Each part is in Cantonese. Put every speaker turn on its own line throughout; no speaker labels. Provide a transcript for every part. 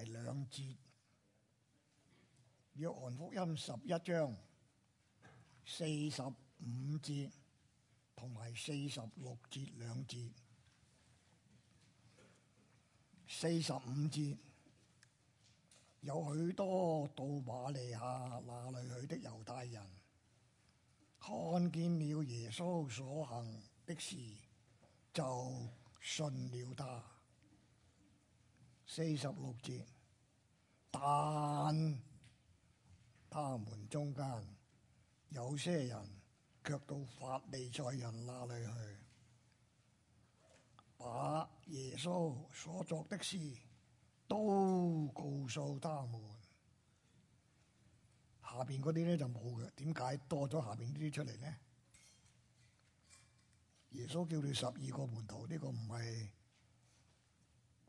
係兩節，約翰福音十一章四十五節同埋四十六節兩節。四十五節有許多到馬利亞那裏去的猶太人，看見了耶穌所行的事，就信了他。四十六節，但他們中間有些人卻到法利賽人那裏去，把耶穌所作的事都告訴他們。下邊嗰啲咧就冇嘅，點解多咗下邊啲出嚟咧？耶穌叫你十二個門徒，呢個唔係。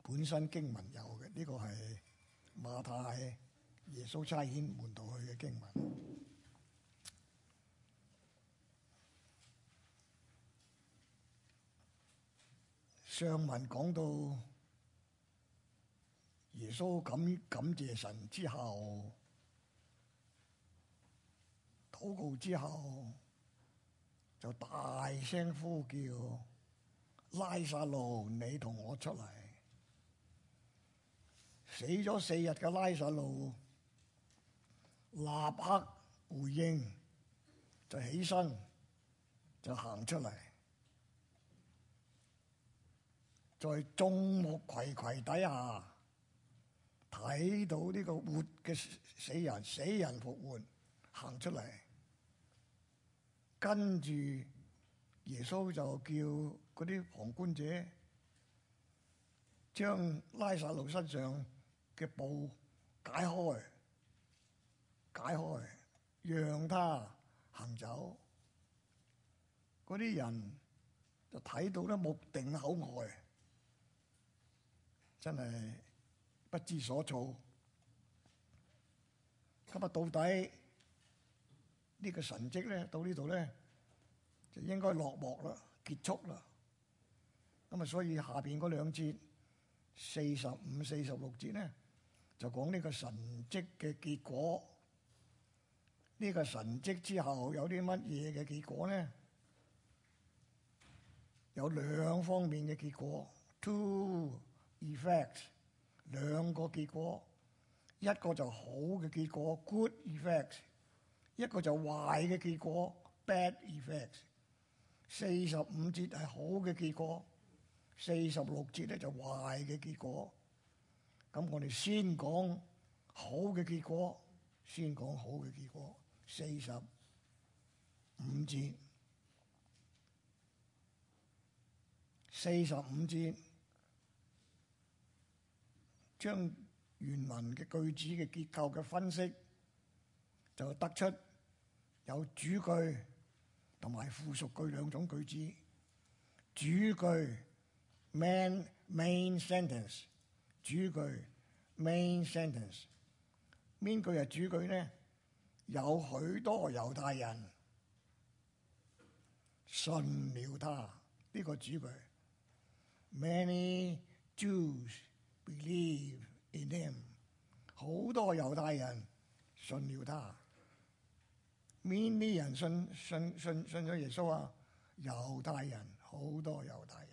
本身經文有嘅，呢、這個係馬太耶穌差遣門徒去嘅經文。上文講到耶穌感感謝神之後，禱告之後就大聲呼叫：拉撒路，你同我出嚟！死咗四日嘅拉撒路，立刻回應就起身就行出嚟，在眾目睽睽底下睇到呢個活嘅死人，死人復活行出嚟，跟住耶穌就叫嗰啲旁觀者將拉撒路身上。一步，解開，解開，讓他行走。嗰啲人就睇到咧，目定口呆，真係不知所措。咁啊，到底呢個神跡咧，到呢度咧就應該落幕啦，結束啦。咁啊，所以下邊嗰兩節四十五、四十六節咧。就講呢個神蹟嘅結果，呢個神蹟之後有啲乜嘢嘅結果咧？有兩方面嘅結果，two effects，兩個結果，一個就好嘅結果，good effects，一個就壞嘅結果，bad effects。四十五節係好嘅結果，四十六節咧就壞嘅結果。咁我哋先講好嘅結果，先講好嘅結果。四十五節，四十五節，將原文嘅句子嘅結構嘅分析，就得出有主句同埋附屬句兩種句子。主句 m a n main sentence）。主句，main sentence，邊句係主句呢？有許多猶太人信了他，呢、這個主句。Many Jews believe in him。好多猶太人信了他。邊啲人信信信信咗耶穌啊？猶太人，好多猶太人。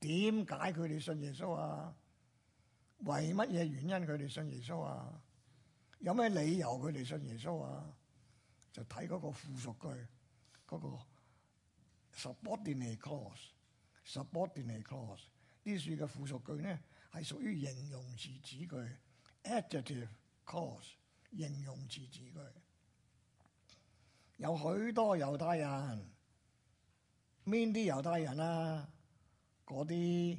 點解佢哋信耶穌啊？為乜嘢原因佢哋信耶穌啊？有咩理由佢哋信耶穌啊？就睇嗰個附屬句，嗰個 subordinate clause，subordinate clause 呢？呢句嘅附屬句呢，係屬於形容詞短句，adjective clause，形容詞短句。有許多猶太人，邊啲猶太人啊？嗰啲。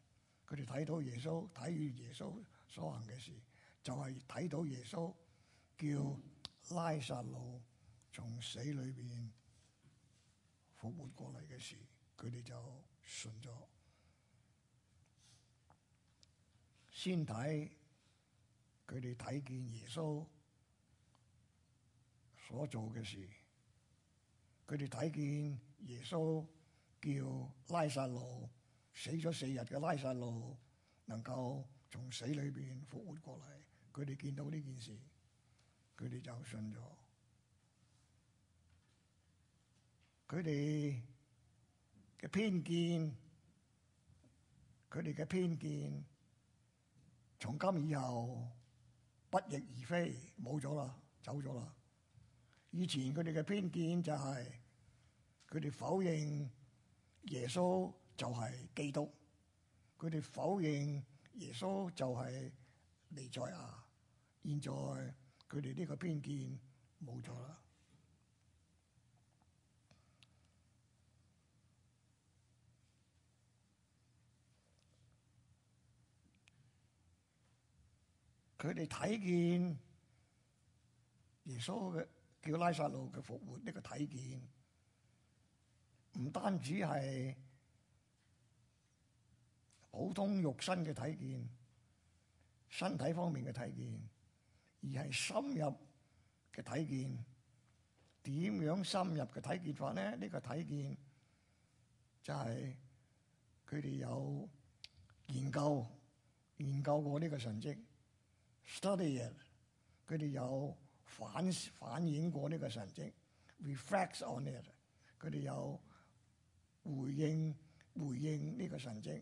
佢哋睇到耶穌，睇完耶穌所行嘅事，就係、是、睇到耶穌叫拉撒路從死裏邊復活過嚟嘅事，佢哋就信咗。先睇佢哋睇見耶穌所做嘅事，佢哋睇見耶穌叫拉撒路。死咗四日嘅拉撒路，能夠從死裏面復活過嚟，佢哋見到呢件事，佢哋就信咗。佢哋嘅偏見，佢哋嘅偏見，從今以後不翼而飛，冇咗啦，走咗啦。以前佢哋嘅偏見就係佢哋否認耶穌。就係基督，佢哋否認耶穌就係彌賽亞。現在佢哋呢個偏見冇咗啦。佢哋睇見耶穌嘅叫拉撒路嘅復活呢個睇見，唔單止係。普通肉身嘅體見，身體方面嘅體見，而係深入嘅體見。點樣深入嘅體見法咧？呢個體見就係佢哋有研究研究過呢個神蹟，study it，佢哋有反反映過呢個神蹟，reflect on it。佢哋有回應回應呢個神蹟。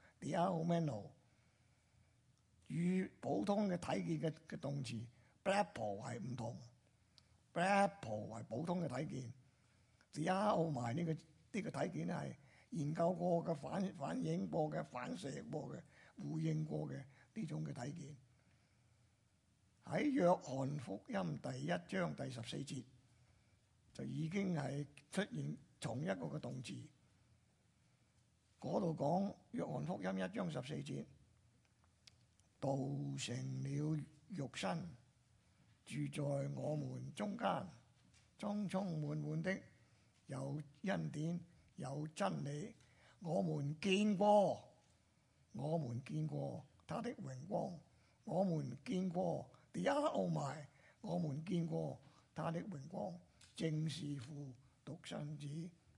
點解好 a 路？與普通嘅睇見嘅嘅動詞 blabble 係唔同，blabble 係普通嘅睇見，點解好埋呢個呢個睇見係研究過嘅反反映過嘅反射過嘅回應過嘅呢種嘅睇見？喺約翰福音第一章第十四節就已經係出現同一個嘅動詞。嗰度講《約翰福音》一章十四節，道成了肉身，住在我們中間，充充滿滿的有恩典有真理。我們見過，我們見過他的榮光，我們見過第一刻奧埋，我們見過他的榮光，正是父獨生子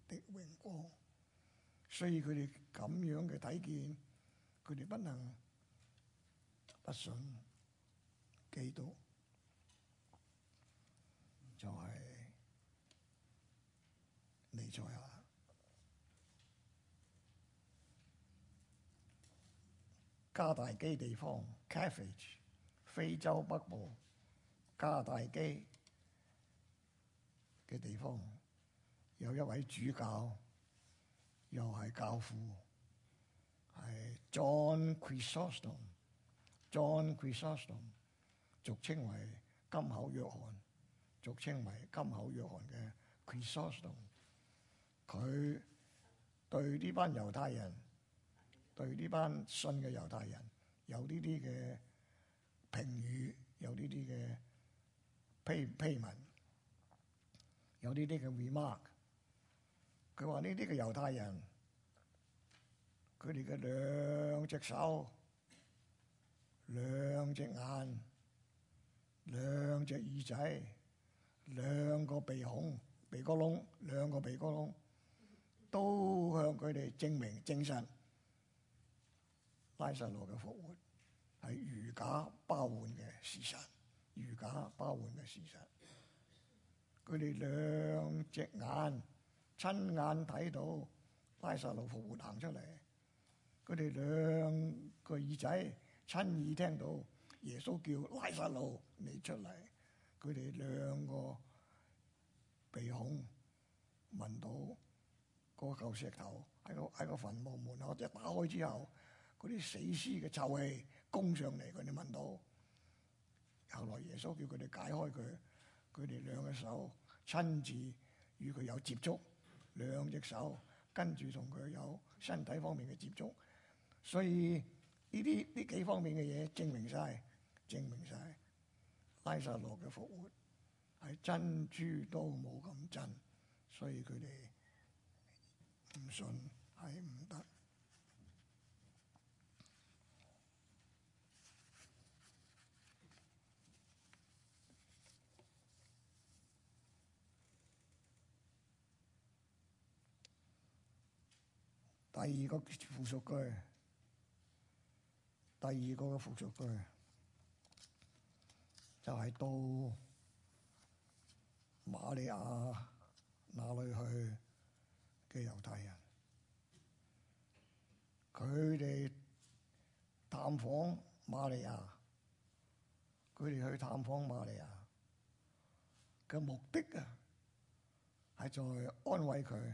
的榮光。所以佢哋咁樣嘅睇見，佢哋不能不信基督，就係你在下加大基地方，Cafage，非洲北部加大基嘅地方，有一位主教。又係教父，係 John Chrysostom，John Chrysostom，俗稱為金口約翰，俗稱為金口約翰嘅 Chrysostom，佢對呢班猶太人，對呢班新嘅猶太人有呢啲嘅評語，有呢啲嘅批批文，有呢啲嘅 remark。佢話呢啲嘅猶太人，佢哋嘅兩隻手、兩隻眼、兩隻耳仔、兩個鼻孔、鼻哥窿、兩個鼻哥窿，都向佢哋證明證實拉撒路嘅復活係如假包換嘅事實，如假包換嘅事實。佢哋兩隻眼，親眼睇到拉撒路匍匐行出嚟，佢哋兩個耳仔親耳聽到耶穌叫拉撒路你出嚟，佢哋兩個鼻孔聞到嗰嚿石頭喺個喺個墳墓門口一打開之後，嗰啲死屍嘅臭氣攻上嚟，佢哋聞到。後來耶穌叫佢哋解開佢，佢哋兩個手親自與佢有接觸。兩隻手跟住同佢有身體方面嘅接觸，所以呢啲呢幾方面嘅嘢證明晒，證明晒拉撒羅嘅復活係珍珠都冇咁真，所以佢哋唔信係唔得。.第二個附屬句，第二個嘅附屬句就係、是、到瑪利亞那裏去嘅猶太人，佢哋探訪瑪利亞，佢哋去探訪瑪利亞嘅目的啊，係在安慰佢。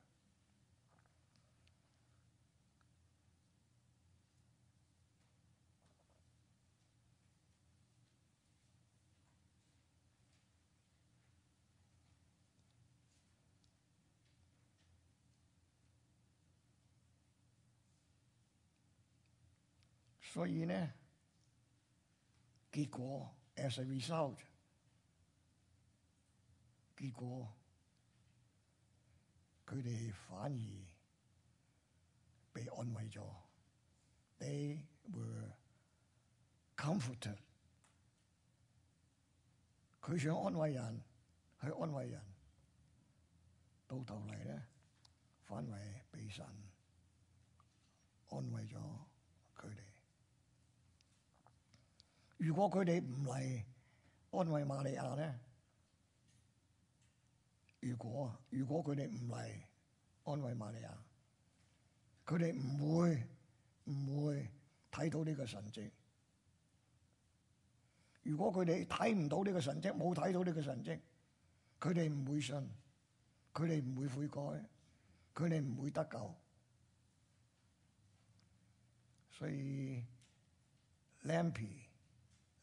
所以咧，結果，as a result，結果佢哋反而被安慰咗。They were comforted。佢想安慰人，去安慰人，到頭嚟咧，反為被神安慰咗佢哋。如果佢哋唔嚟安慰瑪利亞咧，如果如果佢哋唔嚟安慰瑪利亞，佢哋唔會唔會睇到呢個神跡。如果佢哋睇唔到呢個神跡，冇睇到呢個神跡，佢哋唔會信，佢哋唔會悔改，佢哋唔會得救。所以，Lampy。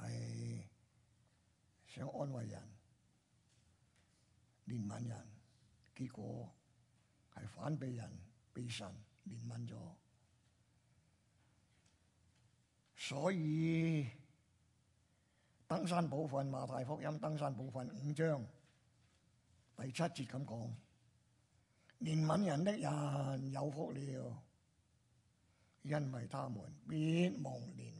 係想安慰人、憐憫人，結果係反被人被神憐憫咗。所以登山寶訓馬太福音登山寶訓五章第七節咁講：憐憫人的人有福了，因為他們必蒙憐恤。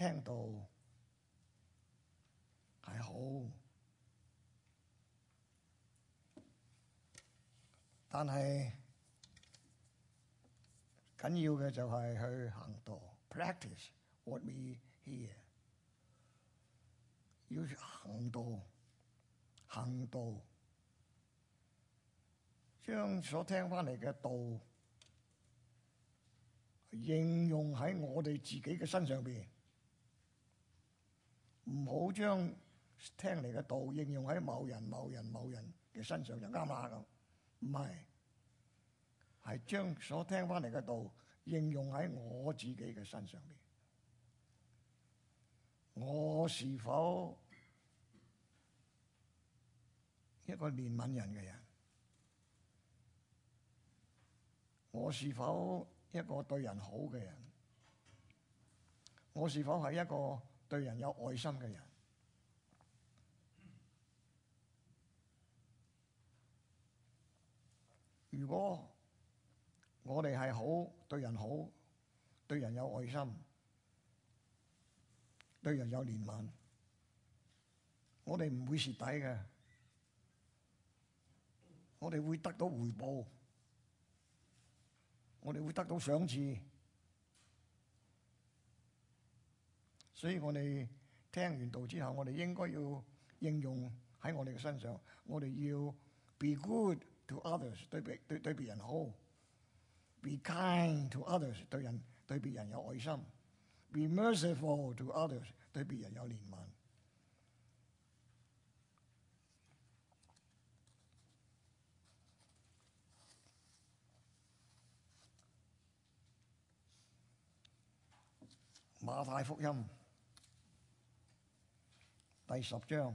聽到係好，但係緊要嘅就係去行道。Practice what we hear，要行道，行道，將所聽返嚟嘅道應用喺我哋自己嘅身上邊。唔好將聽嚟嘅道應用喺某人、某人、某人嘅身上就啱下咁，唔係，係將所聽翻嚟嘅道應用喺我自己嘅身上邊。我是否一個憐憫人嘅人？我是否一個對人好嘅人？我是否係一個對人有愛心嘅人，如果我哋係好對人好，對人有愛心，對人有憐憫，我哋唔會蝕底嘅，我哋會得到回報，我哋會得到賞賜。所以我哋聽完道之後，我哋應該要應用喺我哋嘅身上。我哋要 be good to others，對別對對別人好；be kind to others，對人對別人有愛心；be merciful to others，對別人有憐憫。馬太福音。第十章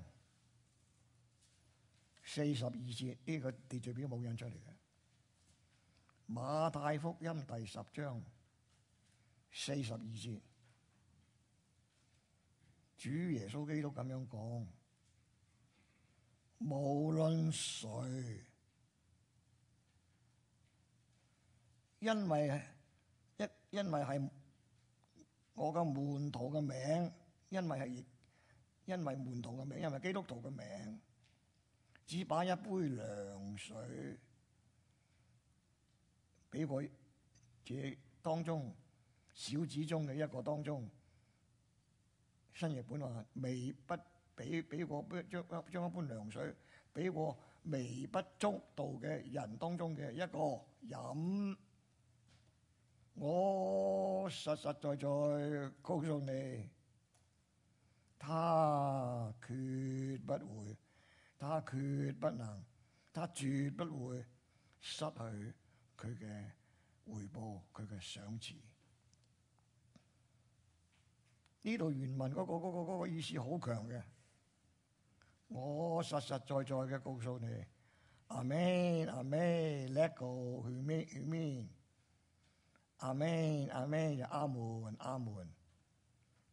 四十二節，呢、這個秩序表冇印出嚟嘅。馬太福音第十章四十二節，主耶穌基督咁樣講：無論誰，因為一因為係我嘅門徒嘅名，因為係。因為門徒嘅名，因為基督徒嘅名，只把一杯涼水俾佢，這當中小子中嘅一個當中，新約本來微不俾俾過將將一杯涼水俾過微不足道嘅人當中嘅一個飲，我實實在在告訴你。他決不會，他決不能，他絕不會失去佢嘅回報，佢嘅賞賜。呢度原文嗰個嗰個嗰個意思好強嘅。我實實在在嘅告訴你，Amen Amen Let go，去咩去咩 Amen Amen 就阿門阿門。阿門。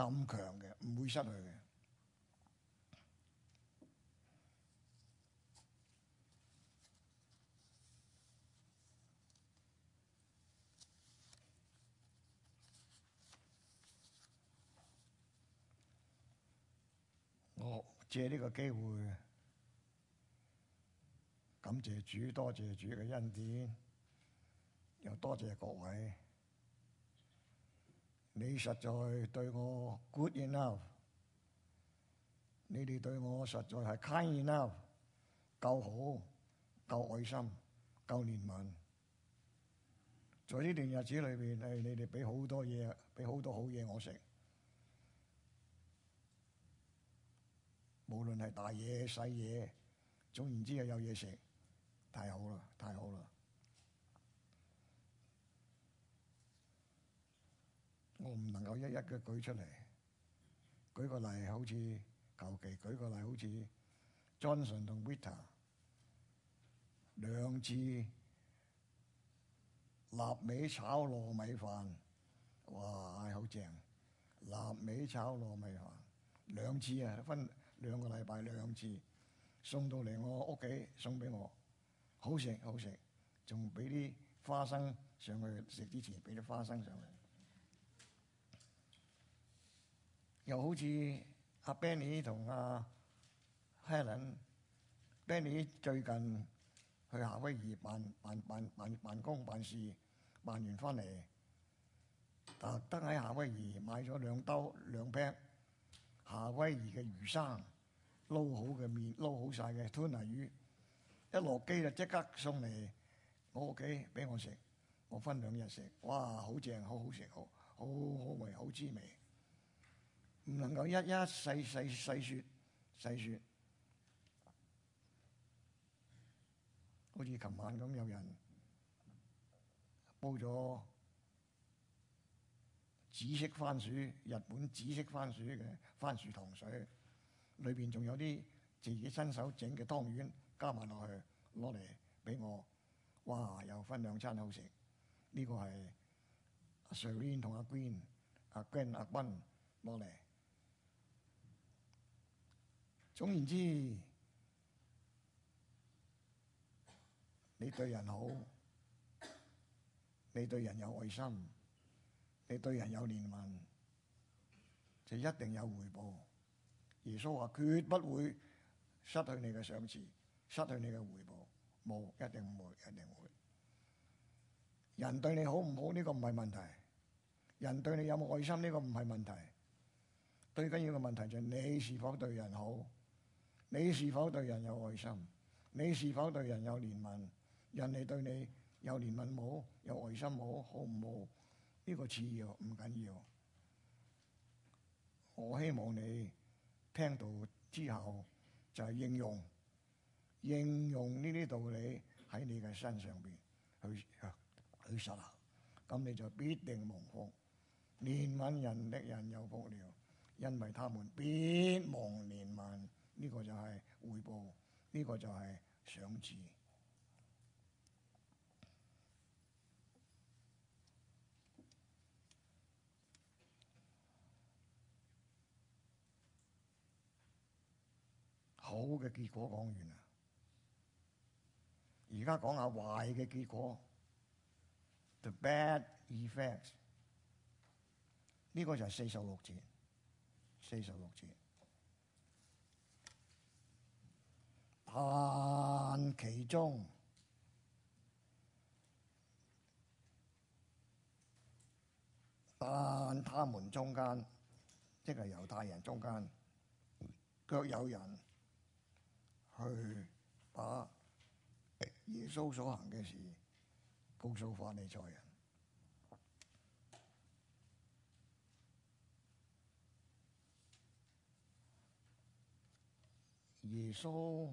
咁強嘅，唔會失去嘅。我借呢個機會感，感謝主，多謝主嘅恩典，又多謝各位。你實在對我 good enough，你哋對我實在係 kind enough，夠好、夠愛心、夠憐憫，在呢段日子裏邊，誒，你哋俾好多嘢，俾好多好嘢我食，無論係大嘢細嘢，總言之又有嘢食，太好啦，太好啦！我唔能夠一一嘅舉出嚟，舉個例，好似求其舉個例，好似 Johnson 同 Witter 兩次臘味炒糯米飯，哇，好正！臘味炒糯米飯兩次啊，分兩個禮拜兩次送到嚟我屋企送俾我，好食，好食，仲俾啲花生上去，食之前俾啲花生上去。又好似阿 Benny 同阿 Helen Benny 最近去夏威夷辦辦辦辦辦公辦，辦事，辦完翻嚟，特登喺夏威夷買咗兩兜兩劈夏威夷嘅魚生，撈好嘅麵撈好晒嘅吞拿魚一落機就即刻送嚟我屋企俾我食，我分兩日食，哇！好正，好好食，好好好，好，好味，好滋味。唔能夠一一細細細説細説。好似琴晚咁有人煲咗紫色番薯、日本紫色番薯嘅番薯糖水，裏邊仲有啲自己親手整嘅湯圓，加埋落去攞嚟俾我，哇！又分兩餐好食。呢個係阿 Shirin 同阿 Gwen 阿 Ken、阿斌攞嚟。總言之，你對人好，你對人有愛心，你對人有憐憫，就一定有回報。耶穌話，絕不會失去你嘅賞賜，失去你嘅回報，冇，一定唔會，一定會。人對你好唔好呢個唔係問題，人對你有冇愛心呢個唔係問題，最緊要嘅問題就係你是否對人好。你是否對人有愛心？你是否對人有憐憫？人哋對你有憐憫冇？有愛心冇？好唔好？呢個次要唔緊要。我希望你聽到之後就係應用，應用呢啲道理喺你嘅身上邊去去實行，咁你就必定蒙福。憐憫人的人有福了，因為他們必蒙憐憫。呢、這個就係回報，呢、這個就係賞賜。好嘅結果完講完啦，而家講下壞嘅結果。The bad effects，呢個就係四十六節，四十六節。但其中，但他們中間，即係猶太人中間，卻有人去把耶穌所行嘅事告訴法利賽人，耶穌。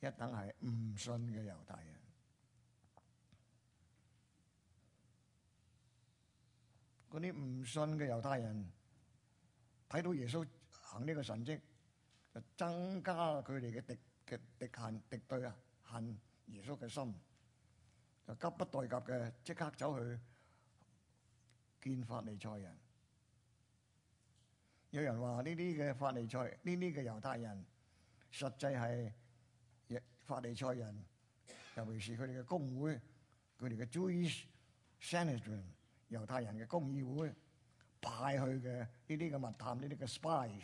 一等係唔信嘅猶太人，嗰啲唔信嘅猶太人睇到耶穌行呢個神蹟，就增加佢哋嘅敵嘅敵恨敵對啊，恨耶穌嘅心，就急不待及嘅即刻走去見法利賽人。有人話呢啲嘅法利賽呢啲嘅猶太人，實際係。法利賽人，尤其是佢哋嘅公會，佢哋嘅 Jewish Sanhedrin，猶太人嘅公議會派去嘅呢啲嘅密探，呢啲嘅 spies，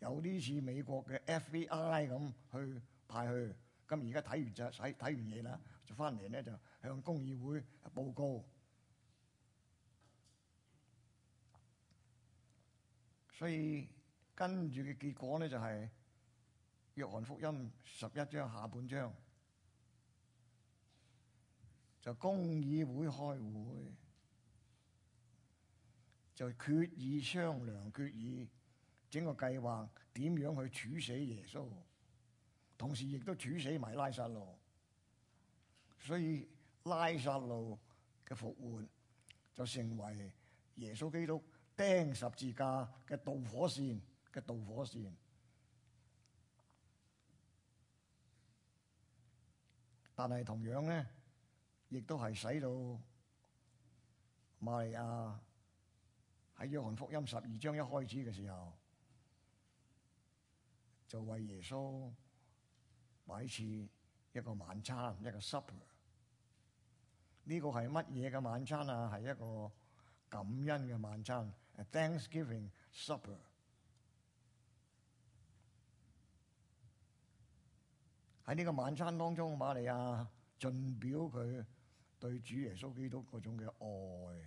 有啲似美國嘅 FBI 咁去派去。咁而家睇完就睇睇完嘢啦，就翻嚟咧就向公議會報告。所以跟住嘅結果咧就係。約翰福音十一章下半章，就公議會開會，就決議商量，決議整個計劃點樣去處死耶穌，同時亦都處死埋拉撒路，所以拉撒路嘅復活就成為耶穌基督釘十字架嘅導火線嘅導火線。但係同樣咧，亦都係使到瑪利亞喺約翰福音十二章一開始嘅時候，就為耶穌擺設一個晚餐，一個 supper。呢個係乜嘢嘅晚餐啊？係一個感恩嘅晚餐，A Thanksgiving supper。喺呢個晚餐當中，瑪利亞盡表佢對主耶穌基督嗰種嘅愛。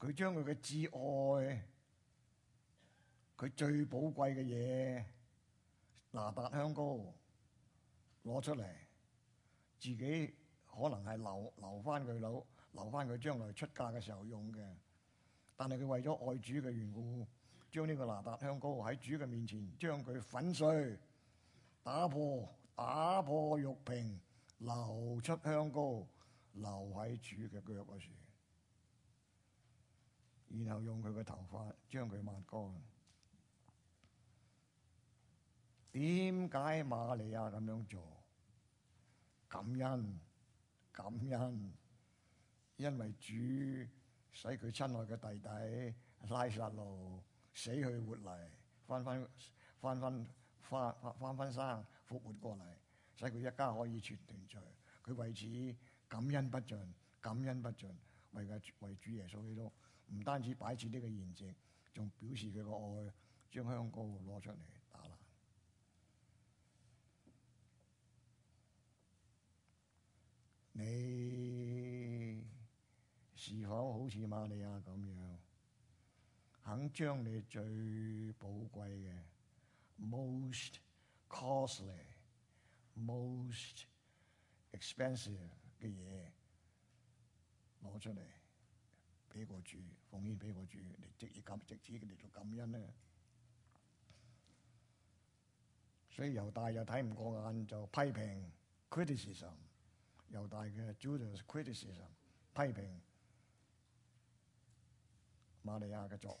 佢將佢嘅至愛，佢最寶貴嘅嘢，哪噠香膏攞出嚟，自己可能係留留翻佢佬，留翻佢將來出嫁嘅時候用嘅。但係佢為咗愛主嘅緣故。將呢個哪噠香膏喺主嘅面前，將佢粉碎、打破、打破玉瓶，流出香膏，流喺主嘅腳嗰處，然後用佢嘅頭髮將佢抹乾。點解瑪利亞咁樣做？感恩、感恩，因為主使佢親愛嘅弟弟拉撒路。死去活嚟，翻翻翻翻翻翻翻生復活過嚟，使佢一家可以全團聚。佢為此感恩不盡，感恩不盡，為嘅為主耶穌基督，唔單止擺設呢個筵席，仲表示佢個愛將香膏攞出嚟打爛。你是否好似瑪利亞咁樣？肯將你最寶貴嘅 most costly、most expensive 嘅嘢攞出嚟俾個主，奉獻俾個主，你值咁值錢，佢哋就感恩咧。所以猶大又睇唔過眼，就批評 criticism，猶大嘅 Judas criticism 批評瑪利亞嘅作。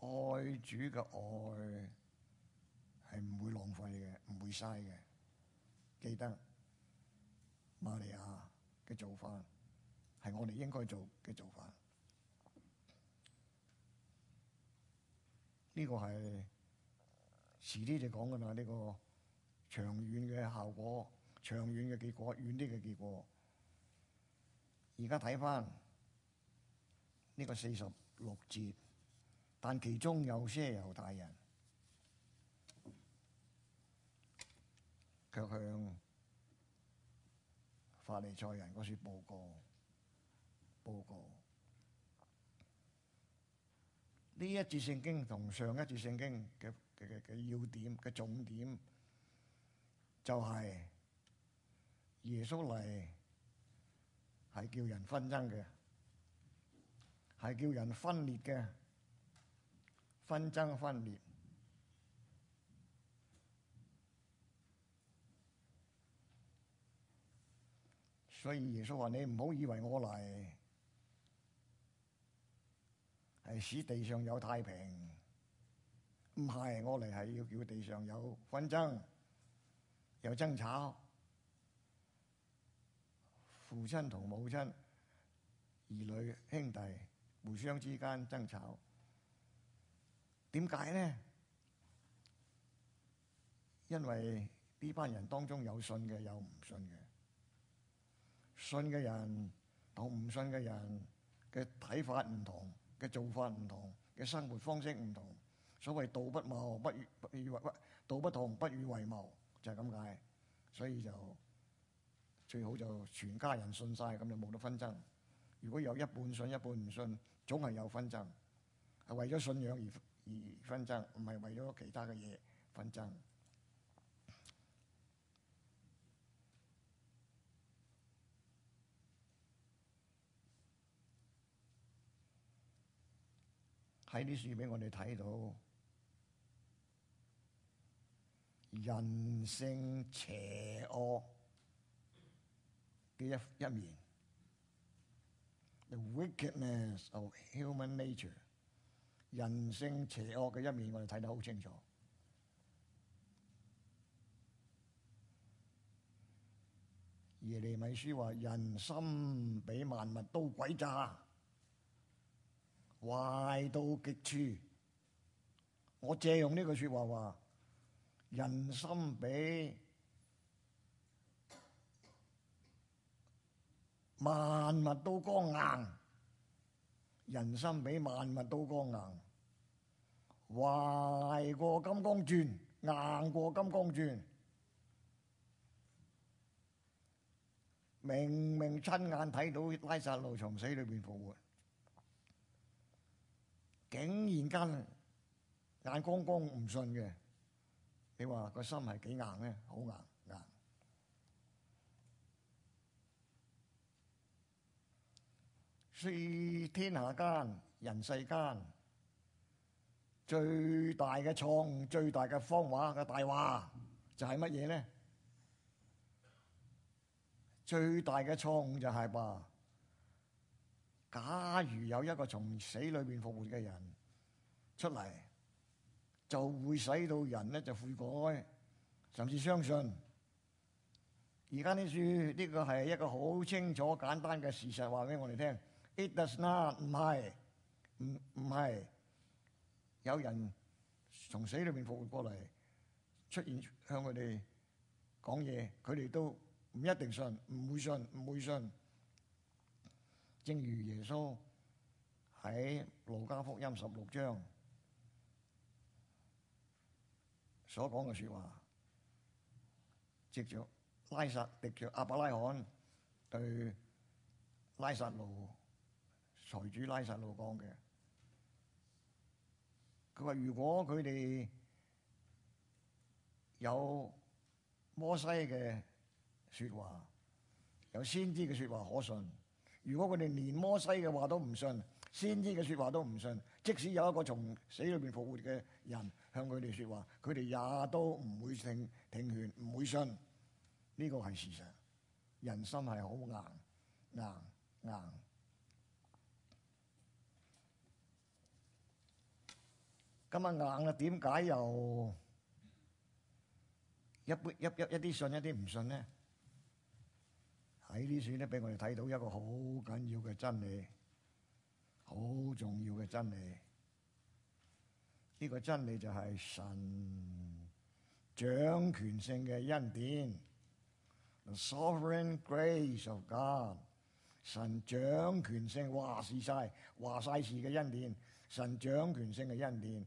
愛主嘅愛係唔會浪費嘅，唔會嘥嘅。記得瑪利亞嘅做法係我哋應該做嘅做法。呢個係遲啲就講噶啦，呢個長遠嘅效果，長遠嘅結果，遠啲嘅結果。而家睇翻呢個四十六節。但其中有些猶太人，卻向法利賽人嗰處報告、報告。呢一節聖經同上一節聖經嘅嘅嘅要點嘅重點，就係耶穌嚟係叫人紛爭嘅，係叫人分裂嘅。紛爭分裂，所以耶穌話：你唔好以為我嚟係使地上有太平不是，唔係我嚟係要叫地上有紛爭、有爭吵，父親同母親、兒女兄弟互相之間爭吵。點解咧？因為呢班人當中有信嘅、有唔信嘅，信嘅人同唔信嘅人嘅睇法唔同，嘅做法唔同，嘅生活方式唔同。所謂道不謀不與不與為道不同不與為謀，就係咁解，所以就最好就全家人信晒，咁就冇得紛爭。如果有一半信一半唔信，總係有紛爭係為咗信仰而而紛爭唔係為咗其他嘅嘢紛爭，喺啲書俾我哋睇到人性邪惡嘅一一面。The wickedness of human nature. 人性邪惡嘅一面，我哋睇得好清楚。耶利米書話：人心比萬物都詭詐，壞到極處。我借用呢句説話話：人心比萬物都剛硬。人心比萬物都剛硬，話硬過金剛鑽，硬過金剛鑽。明明親眼睇到拉撒路從死裏邊復活，竟然間眼光光唔信嘅，你話個心係幾硬呢？好硬！說天下間人世間最大嘅錯誤，最大嘅謊話嘅大話，就係乜嘢咧？最大嘅錯誤就係、是、吧。假如有一個從死裏邊復活嘅人出嚟，就會使到人咧就悔改，甚至相信。而家呢句呢個係一個好清楚簡單嘅事實，話俾我哋聽。It does not，唔係唔，唔係，有人從死裏面復活過嚟出現向佢哋講嘢，佢哋都唔一定信，唔會信，唔會信。正如耶穌喺《路加福音》十六章所講嘅説話，藉著拉撒，直著亞伯拉罕對拉撒路。財主拉撒路講嘅，佢話：如果佢哋有摩西嘅説話，有先知嘅説話可信；如果佢哋連摩西嘅話都唔信，先知嘅説話都唔信，即使有一個從死裏邊復活嘅人向佢哋説話，佢哋也都唔會聽聽勸，唔會信。呢、這個係事實，人心係好硬，硬硬。咁啊硬啊，點解又一不一一啲信一啲唔信呢？喺呢處咧，俾我哋睇到一個好緊要嘅真理，好重要嘅真理。呢個真理就係神掌權性嘅恩典，sovereign grace of God。神掌權性話事晒，話晒事嘅恩典，神掌權性嘅恩典。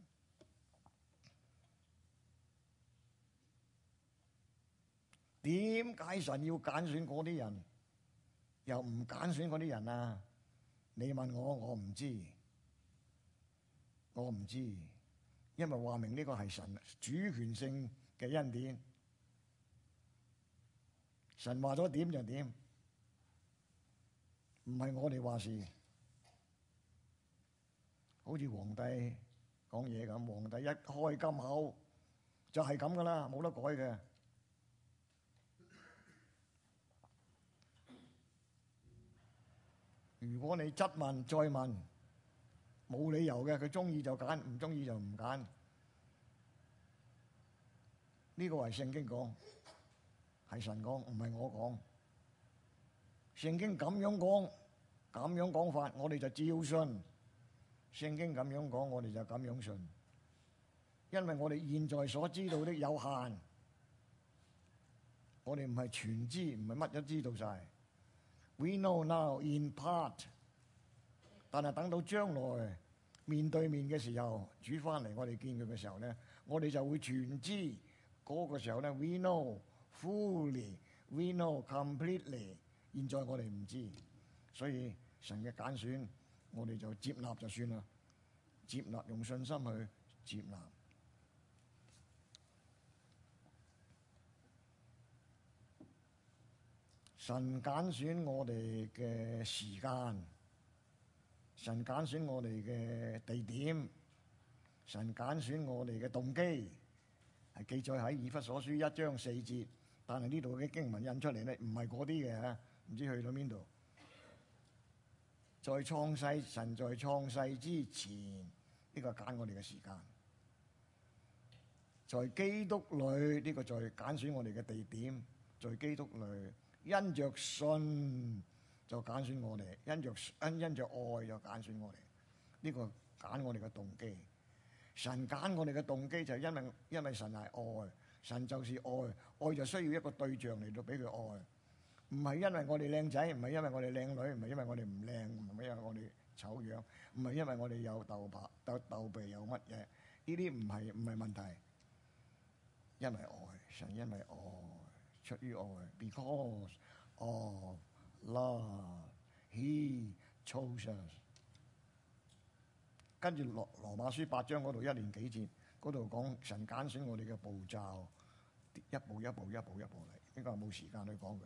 點解神要揀選嗰啲人，又唔揀選嗰啲人啊？你問我，我唔知，我唔知，因為話明呢個係神主權性嘅恩典。神話咗點就點，唔係我哋話事。好似皇帝講嘢咁，皇帝一開金口就係咁噶啦，冇得改嘅。如果你質問再問，冇理由嘅，佢中意就揀，唔中意就唔揀。呢個係聖經講，係神講，唔係我講。聖經咁樣講，咁樣講法，我哋就照信。聖經咁樣講，我哋就咁樣信。因為我哋現在所知道的有限，我哋唔係全知，唔係乜都知道晒。We know now in part，但係等到將來面對面嘅時候，主翻嚟我哋見佢嘅時候咧，我哋就會全知。嗰個時候咧，we know fully，we know completely。現在我哋唔知，所以神嘅揀選，我哋就接納就算啦，接納用信心去接納。神揀選我哋嘅時間，神揀選我哋嘅地點，神揀選我哋嘅動機，係記載喺以弗所書一章四節。但係呢度嘅經文印出嚟咧，唔係嗰啲嘅。唔知去到邊度。在創世，神在創世之前呢、呢個揀我哋嘅時間；在基督裏呢、呢個在揀選我哋嘅地點，在基督裏。因着信就揀選我哋，因着因因着愛就揀選我哋。呢個揀我哋嘅動機，神揀我哋嘅動機就因為因為神係愛，神就是愛，愛就需要一個對象嚟到俾佢愛。唔係因為我哋靚仔，唔係因為我哋靚女，唔係因為我哋唔靚，唔係因為我哋醜樣，唔係因為我哋有豆白豆斗鼻有乜嘢，呢啲唔係唔係問題。因為愛，神因為愛。因為，because of love，He chose us。跟住羅羅馬書八章嗰度，一年幾節，嗰度講神揀選我哋嘅步驟，一步一步一步一步嚟。呢個係冇時間去講佢。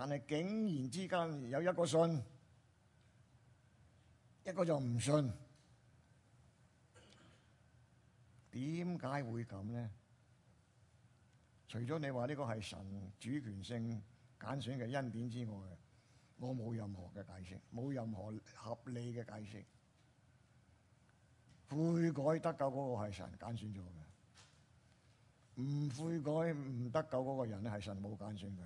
但係竟然之間有一個信，一個就唔信，點解會咁呢？除咗你話呢個係神主權性揀選嘅恩典之外，我冇任何嘅解釋，冇任何合理嘅解釋。悔改得救嗰個係神揀選咗嘅，唔悔改唔得救嗰個人咧係神冇揀選佢。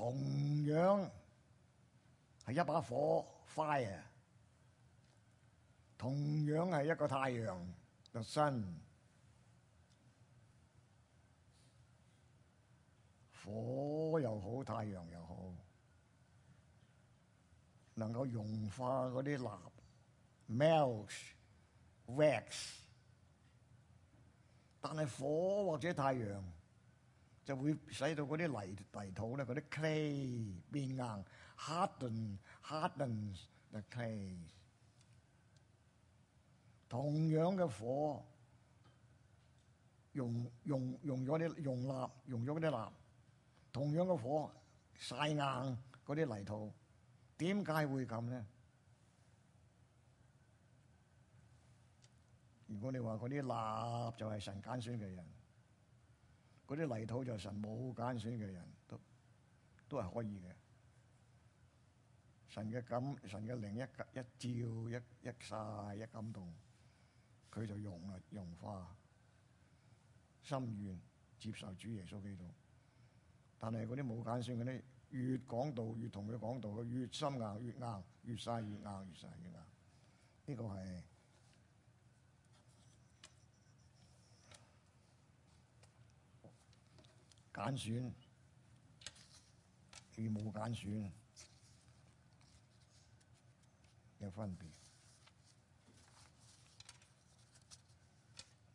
同樣係一把火，fire，同樣係一個太陽，sun。火又好，太陽又好，能夠融化嗰啲蠟，melt wax。但係火或者太陽，就會使到嗰啲泥泥土咧，嗰啲 clay 變硬，hardens hardens the clay。同樣嘅火溶溶溶咗啲溶蠟，溶咗嗰啲蠟。同樣嘅火曬硬嗰啲泥土，點解會咁咧？如果你話嗰啲蠟就係神間酸嘅人，嗰啲泥土就神冇揀選嘅人，都都係可以嘅，神嘅感神嘅靈一一照一一曬一感動，佢就溶喇，溶化，心願接受主耶穌基督。但係嗰啲冇揀選嘅咧，越講道越同佢講道，佢越心硬越硬，越曬越硬越曬越硬，呢個係。揀選與冇揀選嘅分別。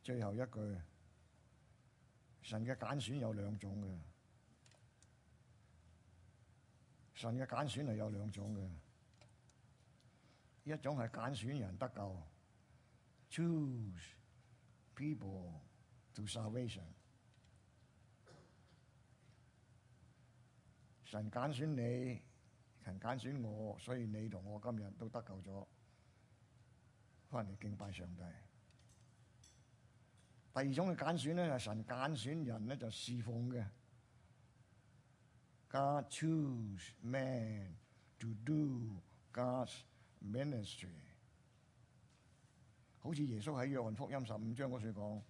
最後一句，神嘅揀選有兩種嘅，神嘅揀選係有兩種嘅，一種係揀選人得救，choose people to salvation。神揀選你，神揀選我，所以你同我今日都得救咗，翻嚟敬拜上帝。第二種嘅揀選咧，係神揀選人咧，就侍奉嘅，God choose man to do God's ministry。好似耶穌喺約翰福音十五章嗰處講，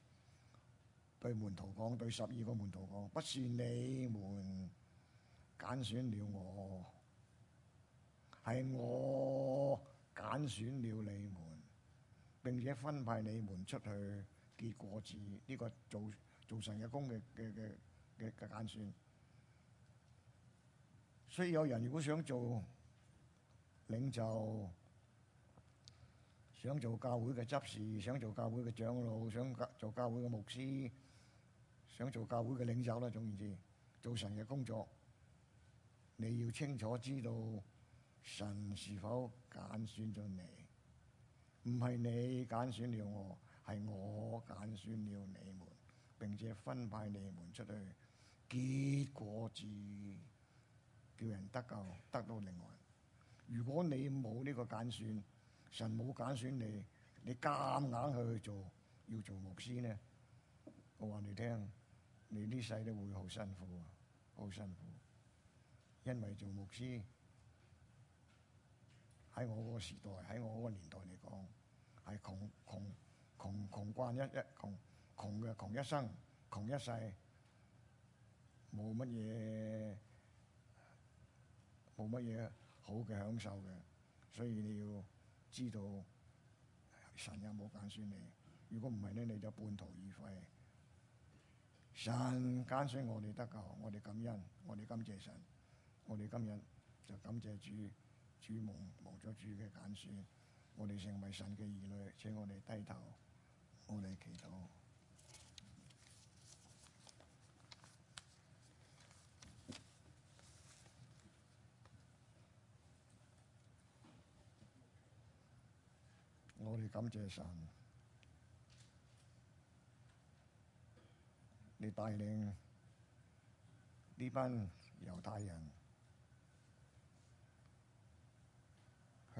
對門徒講，對十二個門徒講，不是你們。揀選了我，係我揀選了你們，並且分派你們出去結果子。呢個做做神嘅工嘅嘅嘅嘅揀選。所以有人如果想做領袖，想做教會嘅執事，想做教會嘅長老，想做教會嘅牧師，想做教會嘅領袖啦，總之做神嘅工作，你要清楚知道，神是否揀選咗你？唔係你揀選了我，係我揀選了你們，並且分派你們出去，結果自叫人得救，得到靈魂。如果你冇呢個揀選，神冇揀選你，你夾硬去做，要做牧師呢？我話你聽，你呢世都會好辛苦啊，好辛苦。因為做牧師喺我個時代，喺我個年代嚟講，係窮窮窮窮慣一一窮窮嘅窮一生窮一世，冇乜嘢冇乜嘢好嘅享受嘅，所以你要知道神有冇揀選你？如果唔係咧，你就半途而廢。神揀選我哋得救，我哋感恩，我哋感謝神。我哋今日就感謝主，主蒙蒙咗主嘅揀選，我哋成為神嘅兒女。請我哋低頭，我哋祈禱。我哋感謝神，你帶領呢班猶太人。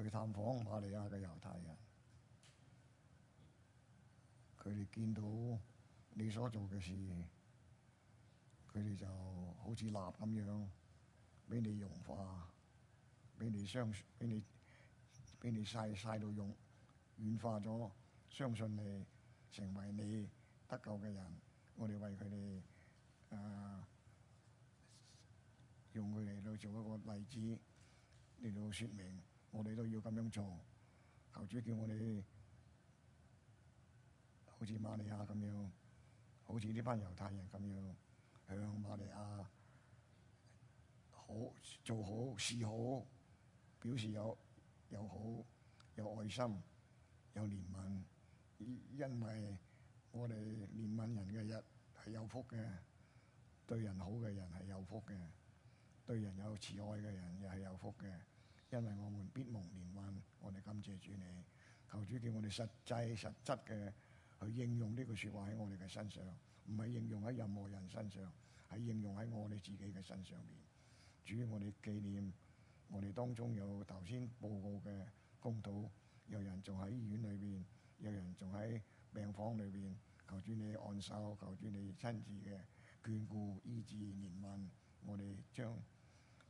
去探訪馬利亞嘅猶太人，佢哋見到你所做嘅事，佢、mm-hmm. 哋就好似蠟咁樣，俾你融化，俾你相，俾你俾你曬曬到溶軟化咗，相信你成為你得救嘅人。我哋為佢哋誒用佢嚟到做一個例子嚟到説明。我哋都要咁樣做，求主叫我哋好似瑪利亞咁樣，好似呢班猶太人咁樣向瑪利亞好做好示好，表示有有好有愛心，有憐憫，因為我哋憐憫人嘅日係有福嘅，對人好嘅人係有福嘅，對人有慈愛嘅人又係有福嘅。因為我們必蒙憐憫，我哋感謝主你，求主叫我哋實際實質嘅去應用呢句說話喺我哋嘅身上，唔係應用喺任何人身上，係應用喺我哋自己嘅身上面。主，我哋紀念我哋當中有頭先報告嘅公道，有人仲喺醫院裏邊，有人仲喺病房裏邊，求主你按手，求主你親自嘅眷顧醫治憐憫，我哋將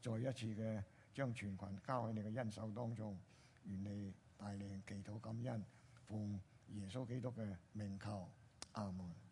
再一次嘅。將全羣交喺你嘅恩手當中，願你帶領祈禱感恩，奉耶穌基督嘅名求，阿門。